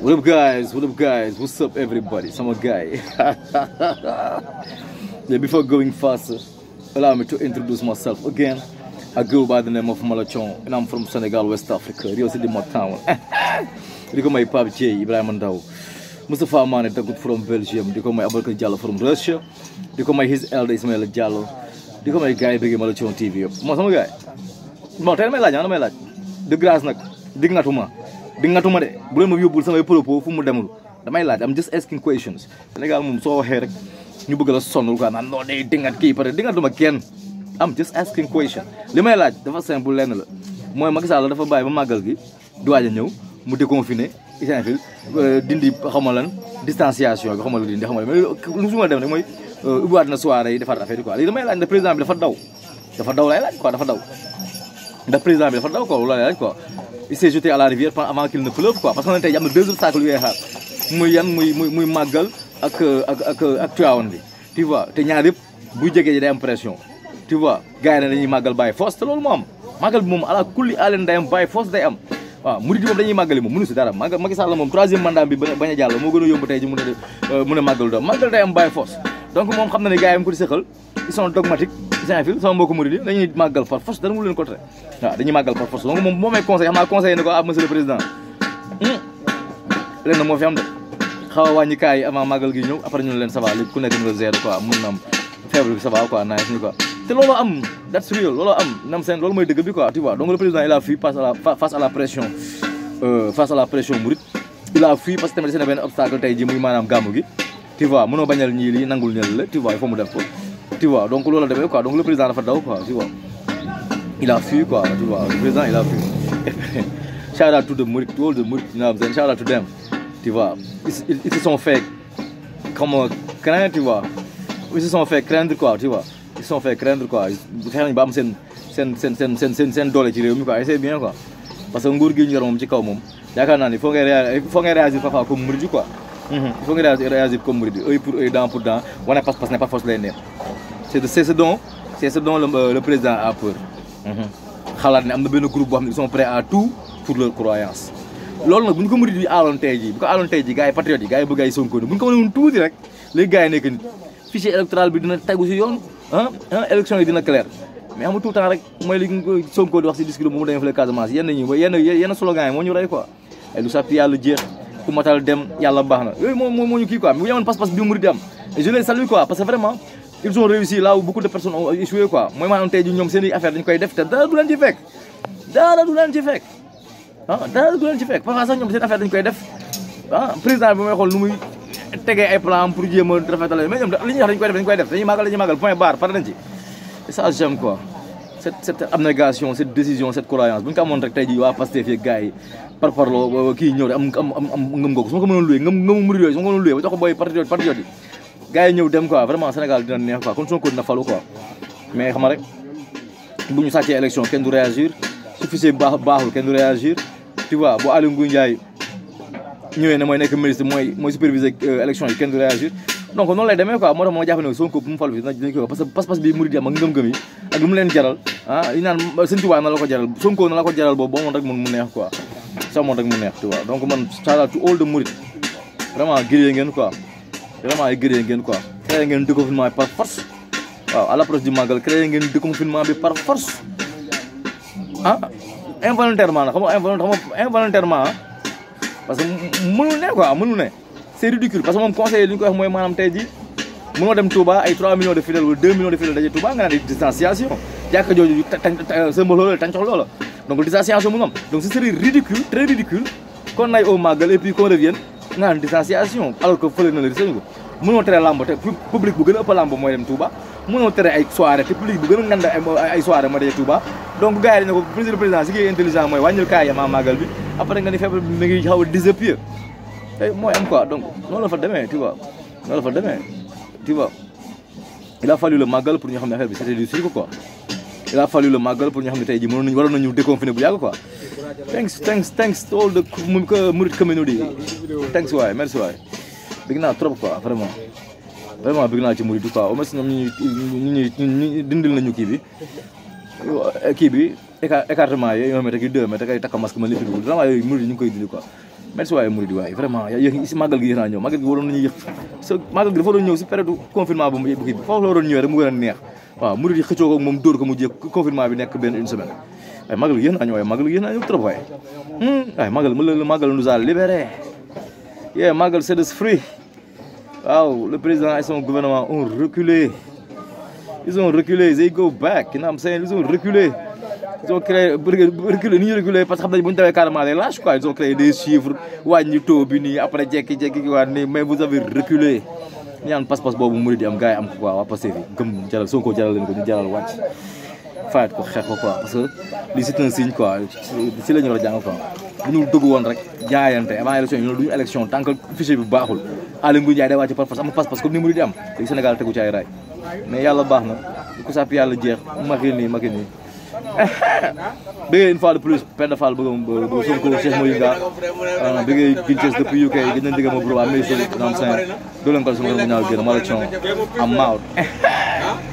What up guys? What up guys? What's up everybody? Some guy. yeah, before going faster, allow me to introduce myself again. I go by the name of Malachon and I'm from Senegal, West Africa. Rio City, my town. You go my pub J, Ibrahim Ndao. Mustafa Mane good from Belgium. You go my Abakar Jallo from Russia. You go my his elder Ismail Jallo. You go my guy Biggie Malachon TV. Ma sama guy. Ma tay may laaj, ana may laaj. De grâce nak dig natuma. di ngatuma de bu leen ma yóbbul samay propos fu mu demul damay laaj am just asking questions Sénégal moom soo waxee rek ñu bëgg la sonal quoi naan non day dingat kii pare dingatuma kenn am just asking question li may laaj dafa simple lenn la mooy Macky Sall dafa bàyyi ba màggal gi du waaj a ñëw mu déconfiné hygiène fil euh, dindi xamal lan distanciation bi xamal dindi xamal mais lu su ma dem rek mooy euh, ubbiwaat na soirée yi defar affaire yi quoi léegi damay laaj ndax président bi dafa daw dafa daw lay laaj dafa daw ndax président bi dafa daw quoi quoi il s'est jeté à la rivière avant qu'il ne pleuve quoi parce que tey am na deux obstacles yooyu xaar muy yan muy muy muy ak ak bi tu vois te ñaar yëpp bu jegee ji am pression tu vois gars ne dañuy màggal bàyyi foos te loolu moo am màggal bi kulli allen day am bàyyi foos day am waaw dañuy màggali moom mënu dara màggal Macky Sall moom bi bañ a jàll gën a yomb tey ji mun a euh, mun a màggalu da màggal day am donc moom xam na ne gars yi sa Film sama mbokku dañuy màggal par force dara mu leen ko tere waaw dañuy màggal par force donc moom moo may conseil xam naa conseillé na ko ah monsieur le président hmm? gi ñëw après ñu ne leen ça va léegi ku nekk ñu la zéro quoi mun te looloo am that's real looloo am nam seen loolu mooy dëgg bi quoi tu vois donc le président il a euh, parce que tamit dese na benn obstacle tey ji muy maanaam gàmmu gi tu vois mënoo bañal ñii nangul ñel la tu vois il faut mu ko tu vois donc loolu la quoi donc le président a dafa daw quoi tu vois il a fui quoi tu vois le président il a fui shout out to the Murid to all the Murid you shout out to them tu vois ils, ils se sont fait comme craindre tu vois ils se sont fait craindre quoi tu vois ils se sont fait craindre quoi rien nañu ba sen sen sen sen sen seen seen seen doole ci réew quoi c'est bien quoi parce que nguur gi ñu yor moom ci kaw moom yaakaar naa ni faut ngay réagir foo ngay réagir parfois comme Murid quoi il faut nga réagir comme Mouride, œil pour œil, dent pour dent, on a passe-passe, n'est pas force les nerfs. C'est ce dont, c'est ce dont le, euh, le président a peur. xalaat mhm. ne am na benn groupe ils sont prêts à tout pour leur croyance loolu nag bu ñu ko murid yi aaloon tey jii bu ko aaloon tey jii gars yi patriotes yi sonko ni ko mënoon tuuti rek a gars yi nit fichier électoral bi dina tegu si yoon ah ah élection yi dina clair mais amul tout temps rek mooy li sonko di wax si discours bu mu demee fële Casamance yenn ñi yenn yenn slogan yi ñu rey quoi ay lu sàpp yàlla jeex ku matal dem yàlla baax na moo moo ñu kii quoi mais bu ñu amoon pas-pas bi murid di am et je les salue quoi parce réussi là beaucoup de personnes ont échoué quoi mooy maanaam tey ji ñoom seen i affaire koy def te du leen ci fekk dara du leen ci fekk ah dara du leen ci fekk parfois sax ñoom seen affaire dañu koy def ah président bi may xool nu muy tegee ay plan pour jéem a rafetal mais ñoom li ñuy wax dañu koy def dañu koy def dañuy màggal dañuy màggal cette cette abnégation cette décision cette croyance bu ñu ko amoon rek tey jii waa Pastef yeeg gars yi par parloo kii ñëw rek am am am ngëm googu su ma ko mënoon loué ngëm ngëmu murid yooyu su ma ko mënoon loué ba jox ko booy patriote patriote yi gars yi ñëw dem quoi vraiment Sénégal dina neex quoi kon Sonko dina falu quoi mais xam nga rek bu ñu sàccee élection kenn du réagir su fichier baax baaxul kenn du réagir tu vois bu Aliou Ngouille Ndiaye ñëwee ne mooy nekk ministre mooy mooy superviser euh, élection yi kenn du réagir non ko non lay demee quoi motax mo moo né ne Sonko bu mu fallu bi dinañ ko parce que pass pass bi mouride am ak ngëm-ngëm yi ak lu mu leen jaral ah yi nan seigne touba na la ko jaral Sonko na la ko jaral boobu boo moon rek mun mu neex quoi sa moon rek mu neex tu vois donc man sala tu old mouride vraiment gëree ngeen quoi vraiment ay gëree ngeen quoi créé ngeen déconfinement par force waaw à l'approche du magal créé ngeen déconfinement bi par force ah involontairement xam nga involontairement involontairement parce que mënu né quoi mënu né c'est ridicule parce que mon conseiller li ko wax moy manam tay ji mëno dem Touba ay 3 millions de fidèles ou 2 millions de fidèles dajé Touba nga naan di distanciation jàkka jooju sa mba loola tàncox loola donc distanciation mu ngam donc c'est serait ridicule très ridicule qu'on aille au Magal et puis qu'on revienne nga naan distanciation alors que fële na le disañu ko mënoo tere lamb té public bu gëna ëpp lamb moy dem Touba mëno téré ay soirée té public bu gëna ngand ay soirée ma dajé Touba donc gaay dañ ko président président si intelligent moy wañul kaay ya Magal bi après nga ni feebar mi ngi xaw disappear et eh, mooy am quoi donc la fa demee tu vois noonu la fa demee tu vois il a fallu le màggal pour ñu xam ne affaire bi c'était du cirque quoi il a fallu le màggal pour ñu xam ne tey jii moo nañu waroon nañu déconfiné bu yàgg quoi thanks thanks thanks to all the Murid community thanks waay merci waay bëgg naa trop quoi vraiment vraiment bëgg naa ci Murid quoi au moins ñoom ñu ñuy ñu dindil nañu kii bi kii bi écartement yi yoo xamante ni deux mètres ay takka masque ma lépp bi yooyu Murid ñu ngi koy dindi quoi merci waaye Mouride waaye vraiment yéen si màggal gi yéen a ñëw màggal gi waroon nañu yëg sa gi dafa doon ñëw si période confinement bu bi foofu la waroon ñëw rek mu gën a neex waaw Mouride yi xëccoo ko moom dóor ko mu jéeg confinement bi nekk benn une semaine waaye màggal gi yéen a ñëw waaye màggal gi yéen a ñëw trop waaye hmm, waaye màggal ma la màggal nous a yee màggal c'est de fruit le président et son gouvernement ont reculé ils ont reculé they go back you know what I'm saying ils ils ont créé reculé ni ñu parce que xamna nañ bu ñu carrément les lâches quoi ils ont créé des chiffres wañu to e, e bi ni après jekki jekki waa ni mais vous avez reculé ni naan passe passe bobu mouride am gars am ko quoi wa passé fi gëm jaral sonko jaral len ko ñu jaral wacc faat ko xex ko quoi parce que li c'est un signe quoi ci lañu wara jang quoi bu ñu dugg woon rek jaayante avant élection ñu duñu élection tant que fichier bi baaxul Aly Ngouille jaay day wacc par force am passe passe comme ni mouride am léegi Sénégal tegu ci ay ray mais yalla baxna ku sapp yalla jeex maki nii maki nii bëggee une fois de plus Penda Fall bëggam ba Sonko Cheikh Moyinga euh, bëggee Gilches depuis UK gis nañ dëgg ma bro amee seen dans cinq dolen ko sama ñaaw génn ma la ci am maawut